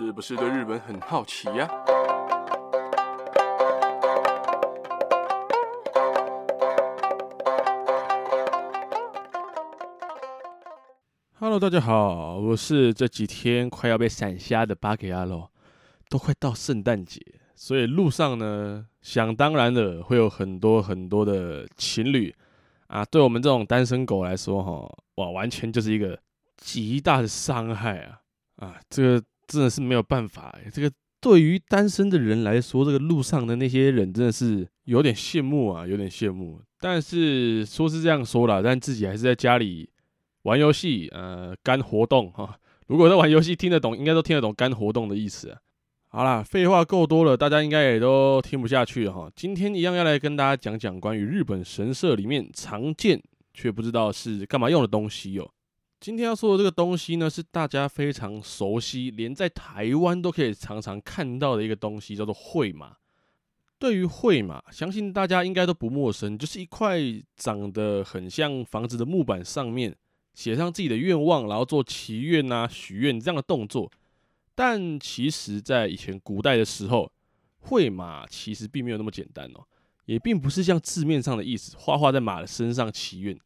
是不是對日本很好奇呀、啊、？Hello，大家好，我是這幾天快要被閃瞎的巴嘎亞羅。都快到聖誕節，所以路上呢，想當然的會有很多很多的情侶啊。對我們這種單身狗來說，哈，哇，完全就是一個極大的傷害啊！啊，這個。真的是沒有辦法欸，這個對於單身的人來說，這個路上的那些人真的是有點羨慕啊，有點羨慕啊。但是說是這樣說啦，但自己還是在家裡玩遊戲，呃，干活動哈。如果在玩遊戲聽得懂，應該都聽得懂干活動的意思啊。好啦，廢話夠多了，大家應該也都聽不下去了哈。今天一樣要來跟大家講講關於日本神社裡面常見卻不知道是幹嘛用的東西喲、喔。今天要說的這個東西呢，是大家非常熟悉，連在台灣都可以常常看到的一個東西，叫做繪馬。對於繪馬，相信大家應該都不陌生，就是一塊長得很像房子的木板，上面寫上自己的願望，然後做祈願吶、啊、許願這樣的動作。但其實，在以前古代的時候，繪馬其實並沒有那麼簡單哦、喔，也並不是像字面上的意思，畫畫在馬的身上祈願。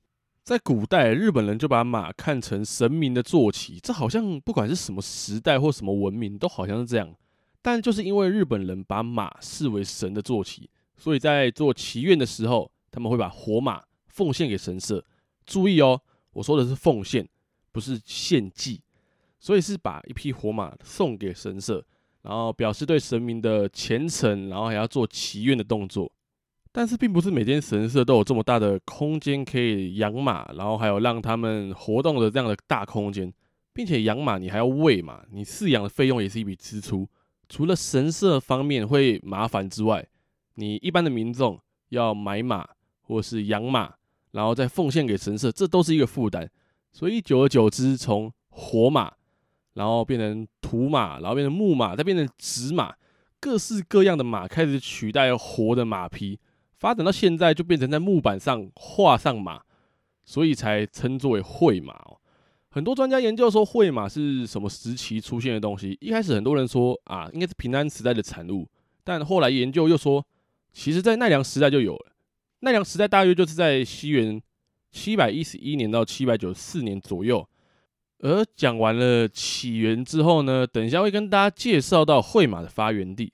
在古代，日本人就把馬看成神明的坐騎，這好像不管是什麼時代或什麼文明，都好像是這樣。但就是因為日本人把馬視為神的坐騎，所以在做祈願的時候，他們會把活馬奉獻給神社。注意哦、喔，我說的是奉獻，不是獻祭，所以是把一匹活馬送給神社，然後表示對神明的虔誠，然後還要做祈願的動作。但是並不是每間神社都有這麼大的空間可以養馬，然後還有讓他們活動的這樣的大空間，並且養馬你還要餵馬，你飼養的費用也是一筆支出。除了神社方面會麻煩之外，你一般的民眾要買馬或是養馬，然後再奉獻給神社，這都是一個負擔。所以久而久之，從活馬，然後變成土馬，然後變成木馬，再變成紙馬，各式各樣的馬開始取代活的馬匹。發展到現在，就變成在木板上畫上馬，所以才稱作為繪馬哦。很多專家研究說，繪馬是什麼時期出現的東西？一開始很多人說啊，應該是平安時代的產物，但後來研究又說，其實在奈良時代就有了。奈良時代大約就是在西元七百一十一年到七百九十四年左右。而講完了起源之後呢，等一下會跟大家介紹到繪馬的發源地。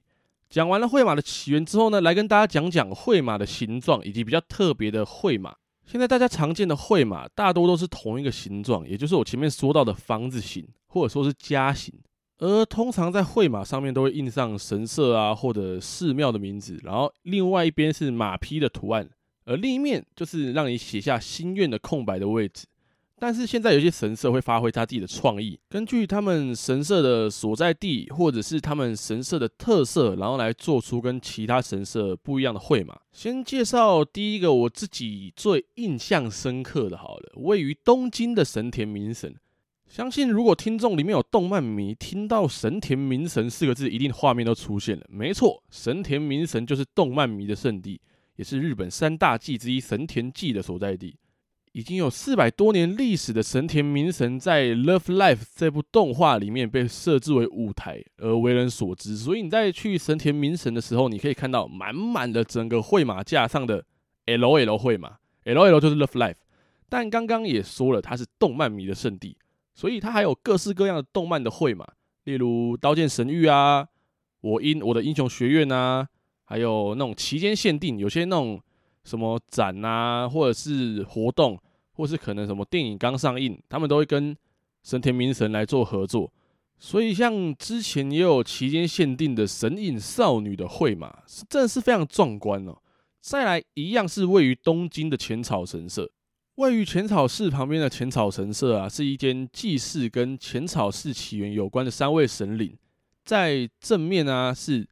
講完了繪馬的起源之後呢，來跟大家講講繪馬的形狀以及比較特別的繪馬。現在大家常見的繪馬大多都是同一個形狀，也就是我前面說到的房子形或者說是家形。而通常在繪馬上面都會印上神社啊或者寺廟的名字，然後另外一邊是馬匹的圖案，而另一面就是讓你寫下心願的空白的位置。但是現在有些神社會發揮他自己的創意，根據他們神社的所在地或者是他們神社的特色，然後來做出跟其他神社不一樣的繪馬。先介紹第一個我自己最印象深刻的，好了，位於東京的神田明神。相信如果聽眾裡面有動漫迷，聽到神田明神四個字，一定畫面都出現了。沒錯，神田明神就是動漫迷的聖地，也是日本三大祭之一神田祭的所在地。已經有四百多年歷史的神田明神，在 Love Life 這部動畫裡面被設置為舞台而為人所知，所以你在去神田明神的時候，你可以看到滿滿的整個繪馬架上的 L o L 繪馬 L o L 就是 Love Life。但剛剛也說了，它是動漫迷的聖地，所以它還有各式各樣的動漫的繪馬，例如《刀劍神域》啊，《我英我的英雄學院》啊，還有那種期間限定，有些那種。什麼展啊，或者是活動，或是可能什麼電影剛上映，他們都會跟神田明神來做合作。所以像之前也有期間限定的神隱少女的繪馬嘛，真的是非常壯觀哦。再來一樣是位於東京的淺草神社，位於淺草寺旁邊的淺草神社啊，是一間祭祀跟淺草寺起源有關的三位神靈。在正面啊，是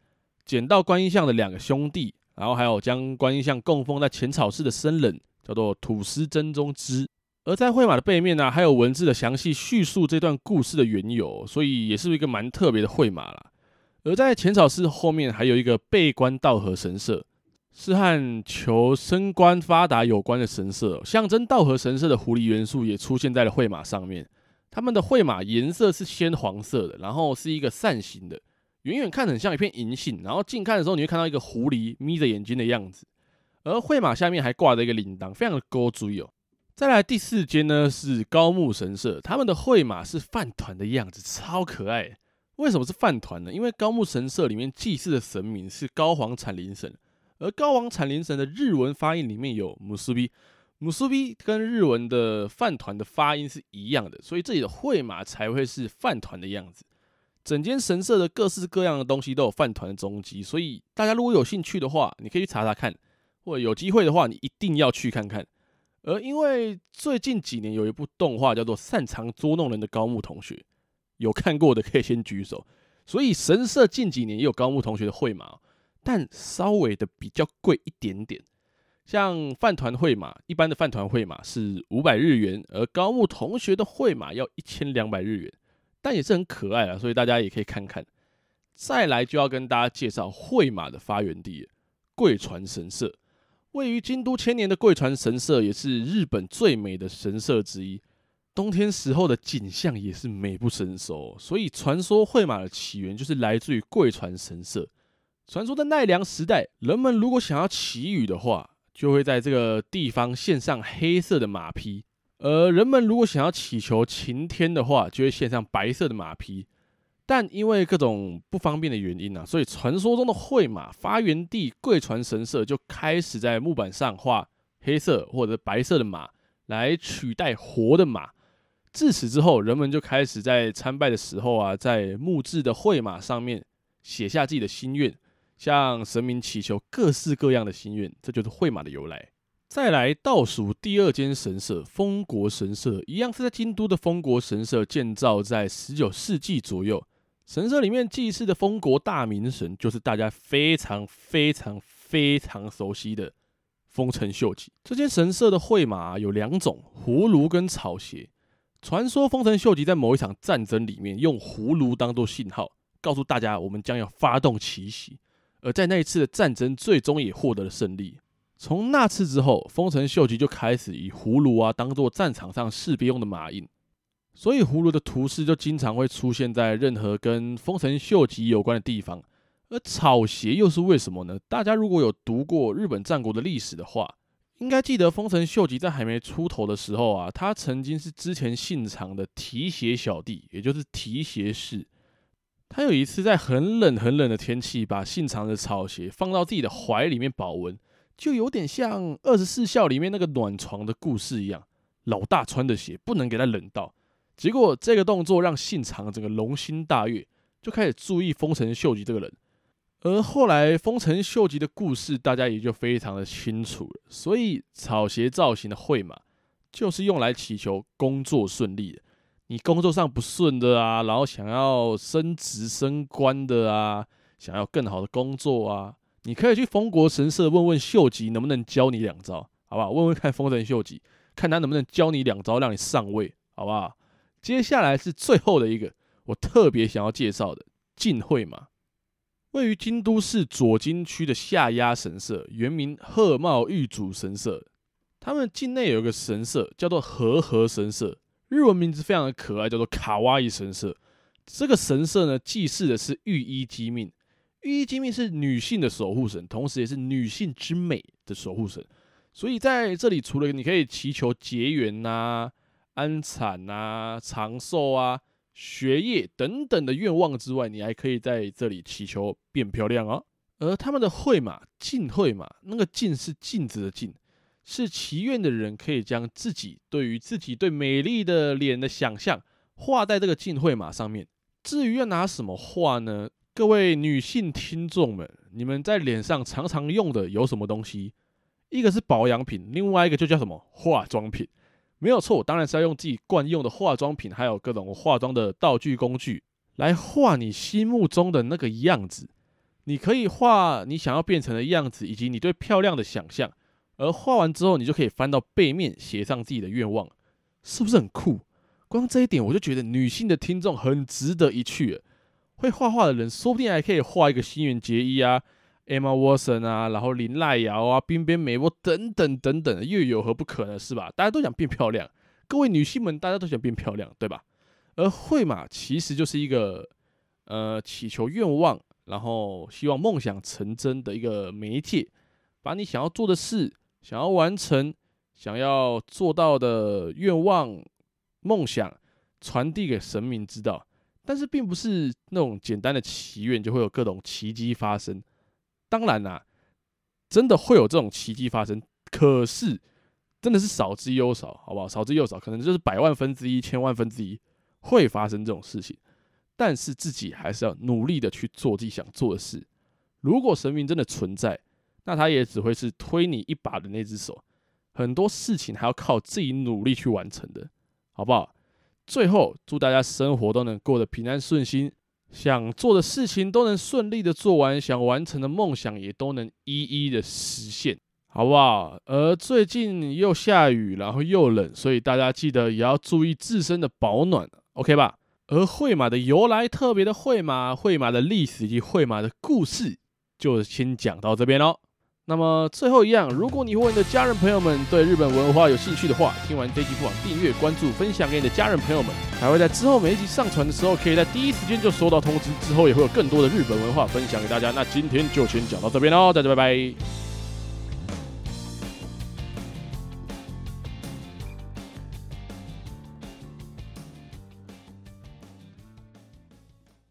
撿到觀音像的兩個兄弟。然後還有將觀音像供奉在淺草寺的僧人叫做土師真中知，而在繪馬的背面呢、啊，還有文字的詳細敘述這段故事的緣由，所以也是一個蠻特別的繪馬了。而在淺草寺後面還有一個被官稻荷神社，是和求升官發達有關的神社，象徵稻荷神社的狐狸元素也出現在了繪馬上面。他們的繪馬顏色是鮮黃色的，然後是一個扇形的。遠遠看很像一片銀杏，然後近看的時候，你會看到一個狐狸眯着眼睛的樣子。而繪馬下面還掛着一個鈴鐺，非常的古錐哦。再來第四間呢，是高木神社，他們的繪馬是飯糰的樣子，超可愛。為什麼是飯糰呢？因為高木神社裡面祭祀的神明是高皇產靈神，而高皇產靈神的日文發音裡面有姆蘇比，姆蘇比跟日文的飯糰的發音是一樣的，所以這裡的繪馬才會是飯糰的樣子。整間神社的各式各樣的東西都有飯糰的蹤跡，所以大家如果有興趣的話，你可以去查查看，或者有機會的話，你一定要去看看。而因為最近幾年有一部動畫叫做《擅長捉弄人的高木同學》，有看過的可以先舉手。所以神社近幾年也有高木同學的會碼，但稍微的比較貴一點點。像飯糰會嘛，一般的飯糰會嘛是五百日元，而高木同學的會碼要一千兩百日元。但也是很可愛啊，所以大家也可以看看。再來就要跟大家介紹繪馬的發源地——貴船神社，位於京都千年的貴船神社也是日本最美的神社之一。冬天時候的景象也是美不勝收，所以傳說繪馬的起源就是來自於貴船神社。傳說的奈良時代，人們如果想要祈雨的話，就會在這個地方獻上黑色的馬匹。呃，人們如果想要祈求晴天的話，就會獻上白色的馬匹。但因為各種不方便的原因呢、啊，所以傳說中的繪馬發源地貴船神社就開始在木板上畫黑色或者白色的馬，來取代活的馬。自此之後，人們就開始在參拜的時候啊，在木質的繪馬上面寫下自己的心願，向神明祈求各式各樣的心願。這就是繪馬的由來。再來倒數第二間神社，豐國神社，一樣是在京都的豐國神社，建造在十九世紀左右。神社裡面祭祀的豐國大明神，就是大家非常非常非常熟悉的豐臣秀吉。這間神社的繪馬有兩種，葫蘆跟草鞋。傳說豐臣秀吉在某一場戰爭裡面，用葫蘆當作信號，告訴大家我們將要發動奇襲，而在那一次的戰爭，最終也獲得了勝利。從那次之後，豐臣秀吉就開始以葫蘆娃啊，當做戰場上士兵用的馬印，所以葫蘆的圖示就經常會出現在任何跟豐臣秀吉有關的地方。而草鞋又是為什麼呢？大家如果有讀過日本戰國的歷史的話，應該記得豐臣秀吉在還沒出頭的時候啊，他曾經是之前信長的提鞋小弟，也就是提鞋士。他有一次在很冷很冷的天氣，把信長的草鞋放到自己的懷裡面保溫。就有點像《二十四孝》裡面那個暖床的故事一樣，老大穿的鞋不能給他冷到。結果這個動作讓信長整個龍心大悅，就開始注意豐臣秀吉這個人。而後來豐臣秀吉的故事，大家也就非常的清楚了。所以草鞋造型的繪馬，就是用來祈求工作順利的。你工作上不順的啊，然後想要升職升官的啊，想要更好的工作啊。你可以去豐國神社問問秀吉能不能教你兩招，好不好？問問看豐臣秀吉，看他能不能教你兩招，讓你上位，好不好？接下來是最後的一個，我特別想要介紹的，鏡繪馬，位於京都市左京區的下鴨神社，原名賀茂御祖神社。他們境內有一個神社叫做河合神社，日文名字非常的可愛，叫做卡哇伊神社。這個神社呢，祭祀的是玉依姬命。玉姬命是女性的守護神，同時也是女性之美的守護神，所以在這裡除了你可以祈求結緣吶、安產吶、啊、長壽啊、學業等等的願望之外，你還可以在這裡祈求變漂亮啊、哦。而他們的繪馬、鏡繪馬，那個鏡是鏡子的鏡，是祈願的人可以將自己對於自己對美麗的臉的想象畫在這個鏡繪馬上面。至於要拿什麼畫呢？各位女性聽眾們，你們在臉上常常用的有什麼東西？一個是保養品，另外一個就叫什麼？化妝品。沒有錯，當然是要用自己慣用的化妝品，還有各種化妝的道具工具，來畫你心目中的那個樣子。你可以畫你想要變成的樣子，以及你對漂亮的想象。而畫完之後，你就可以翻到背面寫上自己的願望，是不是很酷？光這一點，我就覺得女性的聽眾很值得一去。會畫畫的人，說不定還可以畫一個新垣結衣啊，Emma Watson 啊，然後綾瀨遙啊，濱邊美波等等等等，又有何不可呢？是吧？大家都想變漂亮，各位女性們，大家都想變漂亮，對吧？而繪馬，其實就是一個呃祈求願望，然後希望夢想成真的一個媒介，把你想要做的事、想要完成、想要做到的願望、夢想傳遞給神明知道。但是並不是那種簡單的祈願就會有各種奇蹟發生。當然啦、啊，真的會有這種奇蹟發生，可是真的是少之又少，好不好？少之又少，可能就是百萬分之一、千萬分之一會發生這種事情。但是自己還是要努力的去做自己想做的事。如果神明真的存在，那他也只會是推你一把的那隻手。很多事情還要靠自己努力去完成的，好不好？最後，祝大家生活都能過得平安順心，想做的事情都能順利的做完，想完成的夢想也都能一一的實現，好不好？而最近又下雨，然後又冷，所以大家記得也要注意自身的保暖，OK 吧？而繪馬的由來、特別的繪馬、繪馬的歷史以及繪馬的故事，就先講到這邊嘍。那麼最後一樣，如果你或你的家人朋友們對日本文化有興趣的話，聽完這期不妨訂閱關、關注、分享給你的家人朋友們，還會在之後每一集上傳的時候，可以在第一時間就收到通知。之後也會有更多的日本文化分享給大家。那今天就先講到這邊嘍，哦，大家拜拜。